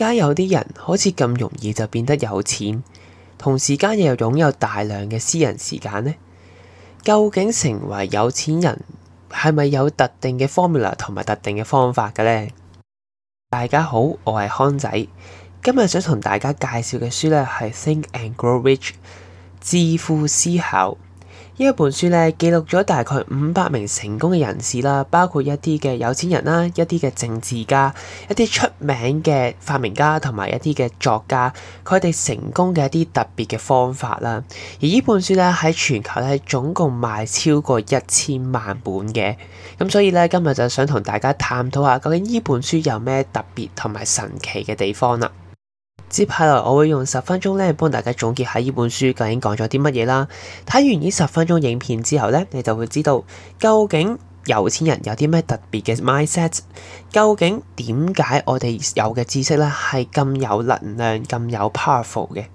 而家有啲人好似咁容易就變得有錢，同時間又擁有大量嘅私人時間呢？究竟成為有錢人係咪有特定嘅 formula 同埋特定嘅方法嘅呢？大家好，我係康仔，今日想同大家介紹嘅書咧係《Think and Grow Rich》，致富思考。呢本書咧記錄咗大概五百名成功嘅人士啦，包括一啲嘅有錢人啦，一啲嘅政治家，一啲出名嘅發明家同埋一啲嘅作家，佢哋成功嘅一啲特別嘅方法啦。而呢本書咧喺全球咧總共賣超過一千萬本嘅，咁所以咧今日就想同大家探討下，究竟呢本書有咩特別同埋神奇嘅地方啦？接下來我會用十分鐘咧，幫大家總結下呢本書究竟講咗啲乜嘢啦。睇完呢十分鐘影片之後咧，你就會知道究竟有錢人有啲咩特別嘅 mindset，究竟點解我哋有嘅知識咧係咁有能量、咁有 powerful 嘅。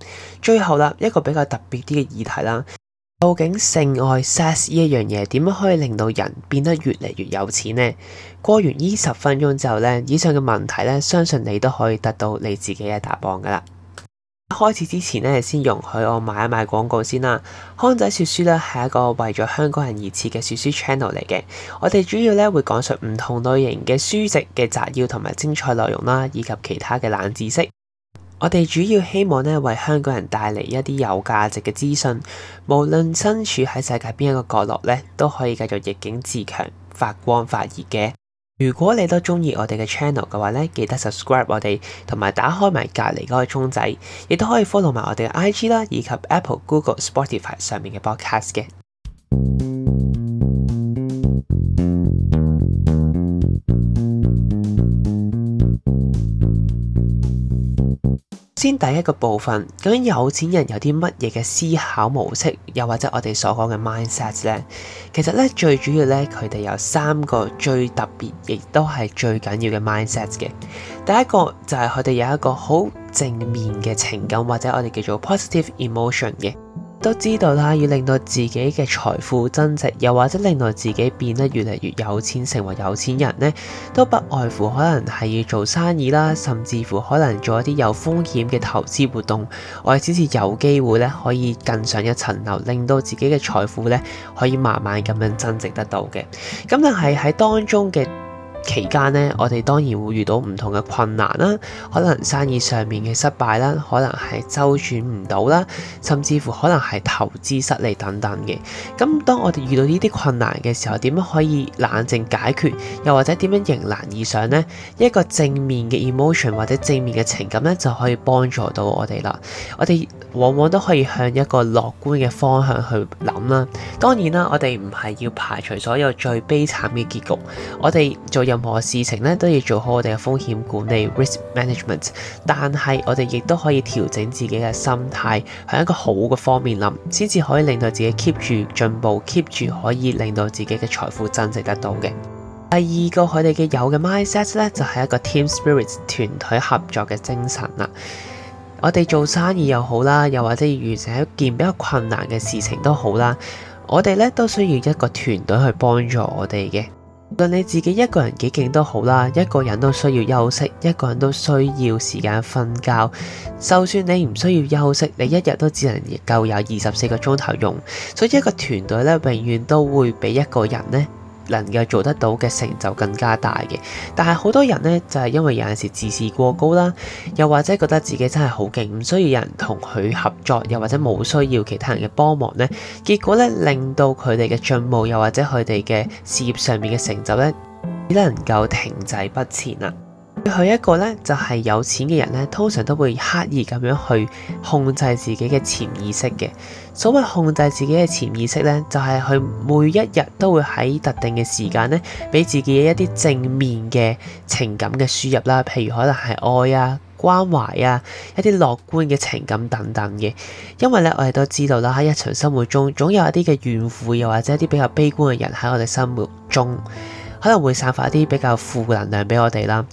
最後啦，一個比較特別啲嘅議題啦。究竟性愛 sex 呢一樣嘢點樣可以令到人變得越嚟越有錢呢？過完呢十分鐘之後呢，以上嘅問題呢，相信你都可以得到你自己嘅答案噶啦。開始之前呢，先容許我買一買廣告先啦。康仔說書呢，係一個為咗香港人而設嘅說書 channel 嚟嘅。我哋主要呢，會講述唔同類型嘅書籍嘅摘要同埋精彩內容啦，以及其他嘅冷知識。我哋主要希望咧，為香港人帶嚟一啲有價值嘅資訊，無論身處喺世界邊一個角落咧，都可以繼續逆境自強發光發熱嘅。如果你都中意我哋嘅 channel 嘅話咧，記得 subscribe 我哋，同埋打開埋隔離嗰個鐘仔，亦都可以 follow 埋我哋嘅 IG 啦，以及 Apple、Google、Spotify 上面嘅 podcast 嘅。先第一個部分，究竟有錢人有啲乜嘢嘅思考模式，又或者我哋所講嘅 mindsets 咧？其實咧，最主要咧，佢哋有三個最特別，亦都係最緊要嘅 mindsets 嘅。第一個就係佢哋有一個好正面嘅情感，或者我哋叫做 positive emotion 嘅。都知道啦，要令到自己嘅財富增值，又或者令到自己變得越嚟越有錢，成為有錢人咧，都不外乎可能係要做生意啦，甚至乎可能做一啲有風險嘅投資活動，我哋先至有機會咧，可以更上一層樓，令到自己嘅財富咧可以慢慢咁樣增值得到嘅。咁但係喺當中嘅。期間咧，我哋當然會遇到唔同嘅困難啦，可能生意上面嘅失敗啦，可能係周轉唔到啦，甚至乎可能係投資失利等等嘅。咁當我哋遇到呢啲困難嘅時候，點樣可以冷靜解決，又或者點樣迎難而上咧？一個正面嘅 emotion 或者正面嘅情感咧，就可以幫助到我哋啦。我哋往往都可以向一個樂觀嘅方向去諗啦。當然啦，我哋唔係要排除所有最悲慘嘅結局，我哋做任何事情咧都要做好我哋嘅風險管理 （risk management），但係我哋亦都可以調整自己嘅心態，向一個好嘅方面諗，先至可以令到自己 keep 住進步，keep 住可以令到自己嘅財富增值得到嘅。第二個佢哋嘅有嘅 mindset 咧，就係一個 team spirit 團隊合作嘅精神啦。我哋做生意又好啦，又或者要完成一件比較困難嘅事情都好啦，我哋咧都需要一個團隊去幫助我哋嘅。論你自己一個人幾勁都好啦，一個人都需要休息，一個人都需要時間瞓覺。就算你唔需要休息，你一日都只能夠有二十四個鐘頭用。所以一個團隊咧，永遠都會比一個人咧。能夠做得到嘅成就更加大嘅，但係好多人呢，就係因為有陣時自視過高啦，又或者覺得自己真係好勁，唔需要有人同佢合作，又或者冇需要其他人嘅幫忙呢。結果呢，令到佢哋嘅進步，又或者佢哋嘅事業上面嘅成就呢，只能夠停滯不前啊！佢一個咧就係有錢嘅人咧，通常都會刻意咁樣去控制自己嘅潛意識嘅。所謂控制自己嘅潛意識咧，就係佢每一日都會喺特定嘅時間咧，俾自己一啲正面嘅情感嘅輸入啦。譬如可能係愛啊、關懷啊、一啲樂觀嘅情感等等嘅。因為咧，我哋都知道啦，喺日常生活中總有一啲嘅怨婦又或者一啲比較悲觀嘅人喺我哋生活中，可能會散發一啲比較負能量俾我哋啦。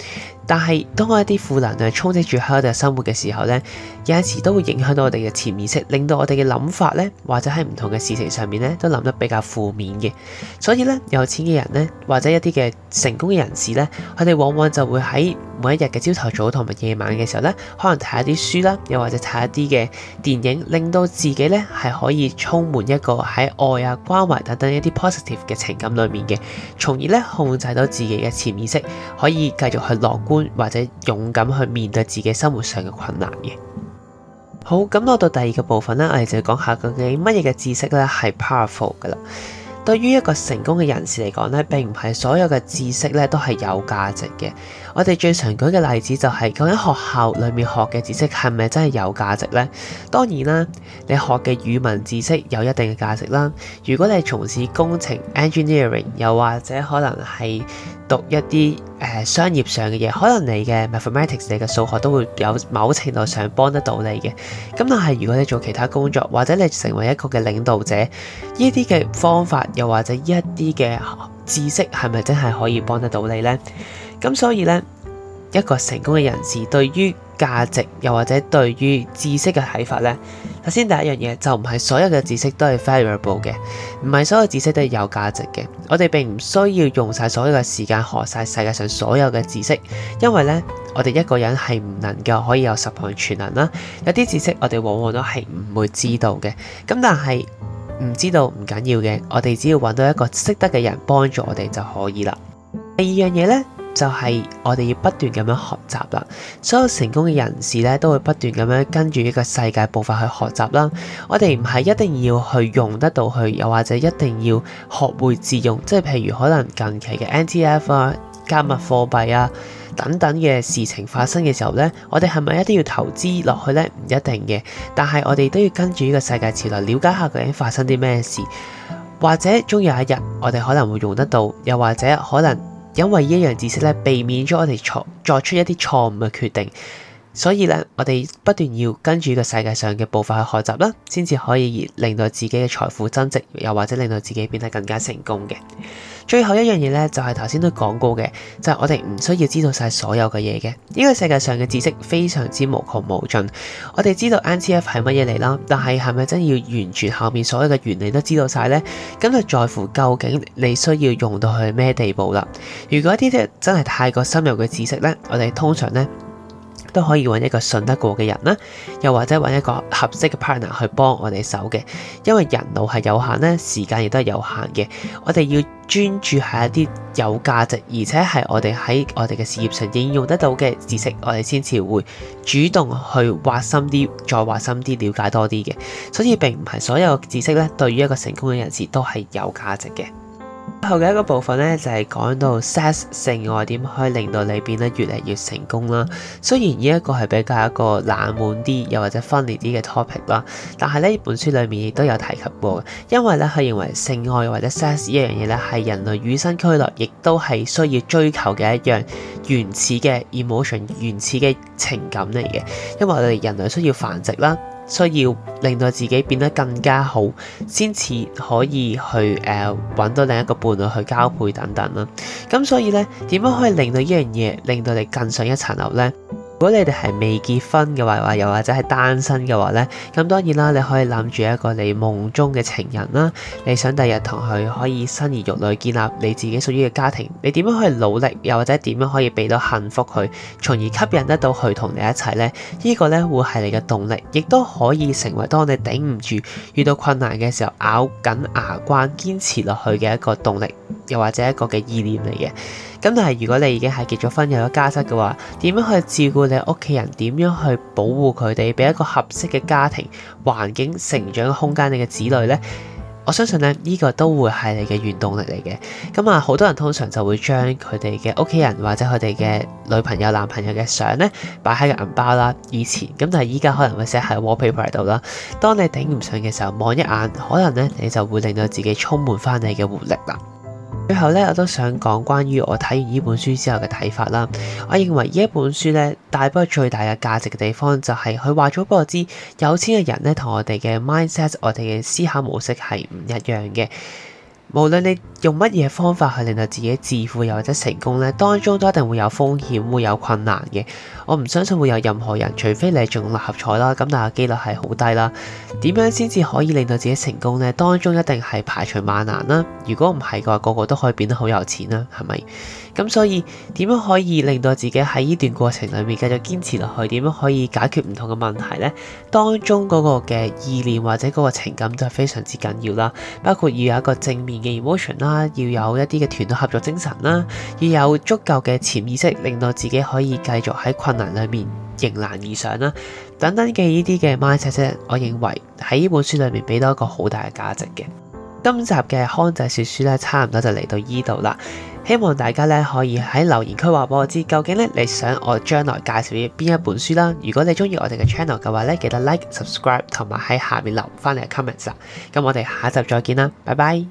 但係，當我一啲負能量充斥住喺我哋生活嘅時候呢，有時都會影響到我哋嘅潛意識，令到我哋嘅諗法呢，或者喺唔同嘅事情上面呢，都諗得比較負面嘅。所以呢，有錢嘅人呢，或者一啲嘅成功嘅人士呢，佢哋往往就會喺每一日嘅朝頭早同埋夜晚嘅時候呢，可能睇下啲書啦，又或者睇下啲嘅電影，令到自己呢係可以充滿一個喺愛啊、關懷等等一啲 positive 嘅情感裡面嘅，從而呢控制到自己嘅潛意識，可以繼續去樂觀。或者勇敢去面對自己生活上嘅困難嘅。好，咁攞到第二個部分啦，我哋就講下究竟乜嘢嘅知識咧係 powerful 噶啦。對於一個成功嘅人士嚟講咧，並唔係所有嘅知識咧都係有價值嘅。我哋最常舉嘅例子就係講緊學校裡面學嘅知識係咪真係有價值呢？當然啦，你學嘅語文知識有一定嘅價值啦。如果你係從事工程 engineering，又或者可能係讀一啲誒、呃、商業上嘅嘢，可能你嘅 mathematics 你嘅數學都會有某程度上幫得到你嘅。咁但係如果你做其他工作，或者你成為一個嘅領導者，呢啲嘅方法，又或者一啲嘅知識係咪真係可以幫得到你呢？咁所以呢，一個成功嘅人士對於價值又或者對於知識嘅睇法呢，首先第一樣嘢就唔係所有嘅知識都係 valuable 嘅，唔係所有知識都係有價值嘅。我哋並唔需要用晒所有嘅時間學晒世界上所有嘅知識，因為呢，我哋一個人係唔能夠可以有十項全能啦。有啲知識我哋往往都係唔會知道嘅。咁但係，唔知道唔緊要嘅，我哋只要搵到一個識得嘅人幫助我哋就可以啦。第二樣嘢呢，就係、是、我哋要不斷咁樣學習啦。所有成功嘅人士呢，都會不斷咁樣跟住呢個世界步伐去學習啦。我哋唔係一定要去用得到佢，又或者一定要學會自用，即係譬如可能近期嘅 NTF 啊。加密貨幣啊，等等嘅事情發生嘅時候呢，我哋係咪一定要投資落去呢？唔一定嘅，但係我哋都要跟住呢個世界潮流，了解下究竟發生啲咩事，或者終有一日我哋可能會用得到，又或者可能因為呢一樣知識咧，避免咗我哋錯作出一啲錯誤嘅決定。所以咧，我哋不斷要跟住個世界上嘅步伐去學習啦，先至可以令到自己嘅財富增值，又或者令到自己變得更加成功嘅。最後一樣嘢咧，就係頭先都講過嘅，就係我哋唔需要知道晒所有嘅嘢嘅。呢個世界上嘅知識非常之無窮無盡。我哋知道 NCF 係乜嘢嚟啦，但係係咪真要完全後面所有嘅原理都知道晒呢？咁就在乎究竟你需要用到去咩地步啦。如果一啲真係太過深入嘅知識呢，我哋通常呢……都可以揾一個信得過嘅人啦，又或者揾一個合適嘅 partner 去幫我哋手嘅，因為人腦係有限咧，時間亦都係有限嘅。我哋要專注喺一啲有價值，而且係我哋喺我哋嘅事業上應用得到嘅知識，我哋先至會主動去挖深啲，再挖深啲，了解多啲嘅。所以並唔係所有知識咧，對於一個成功嘅人士都係有價值嘅。最後嘅一個部分咧，就係、是、講到 sex 性愛點可以令到你變得越嚟越成功啦。雖然呢一個係比較一個冷門啲，又或者分裂啲嘅 topic 啦，但係呢本書裏面亦都有提及過。因為咧佢認為性愛或者 sex 呢樣嘢咧，係人類與生俱來，亦都係需要追求嘅一樣原始嘅 emotion 原始嘅情感嚟嘅。因為我哋人類需要繁殖啦。需要令到自己變得更加好，先至可以去誒揾、呃、到另一個伴侶去交配等等啦。咁所以咧，點樣可以令到依樣嘢令到你更上一層樓咧？如果你哋係未結婚嘅話，又或者係單身嘅話呢，咁當然啦，你可以諗住一個你夢中嘅情人啦，你想第日同佢可以生兒育女，建立你自己屬於嘅家庭，你點樣去努力，又或者點樣可以俾到幸福佢，從而吸引得到佢同你一齊，呢個，呢？呢個呢會係你嘅動力，亦都可以成為當你頂唔住，遇到困難嘅時候咬緊牙關堅持落去嘅一個動力。又或者一個嘅意念嚟嘅咁，但係如果你已經係結咗婚，有咗家室嘅話，點樣去照顧你屋企人？點樣去保護佢哋，俾一個合適嘅家庭環境成長嘅空間你嘅子女呢，我相信呢，呢、呢個都會係你嘅原動力嚟嘅。咁、嗯、啊，好多人通常就會將佢哋嘅屋企人或者佢哋嘅女朋友、男朋友嘅相呢，擺喺個銀包啦、以前咁，但係依家可能會寫喺 wallpaper 度啦。當你頂唔順嘅時候，望一眼，可能呢，你就會令到自己充滿翻你嘅活力啦。最後咧，我都想講關於我睇完呢本書之後嘅睇法啦。我認為呢一本書咧，帶俾我最大嘅價值嘅地方就係佢話咗俾我知，有錢嘅人咧同我哋嘅 mindset，我哋嘅思考模式係唔一樣嘅。無論你用乜嘢方法去令到自己致富又或者成功呢，當中都一定會有風險，會有困難嘅。我唔相信會有任何人，除非你係中六合彩啦，咁但係機率係好低啦。點樣先至可以令到自己成功呢？當中一定係排除萬難啦。如果唔係嘅話，個個都可以變得好有錢啦，係咪？咁所以點樣可以令到自己喺呢段過程裡面繼續堅持落去？點樣可以解決唔同嘅問題呢？當中嗰個嘅意念或者嗰個情感就係非常之緊要啦。包括要有一個正面嘅 emotion 啦，要有一啲嘅團隊合作精神啦，要有足夠嘅潛意識令到自己可以繼續喺困難裏面迎難而上啦，等等嘅呢啲嘅 mindset，我認為喺呢本書裏面俾到一個好大嘅價值嘅。今集嘅康仔說書咧，差唔多就嚟到呢度啦。希望大家咧可以喺留言區話俾我知，究竟咧你想我將來介紹啲邊一本書啦。如果你中意我哋嘅 channel 嘅話咧，記得 like、subscribe 同埋喺下面留翻你嘅 comments 啊。咁我哋下一集再見啦，拜拜。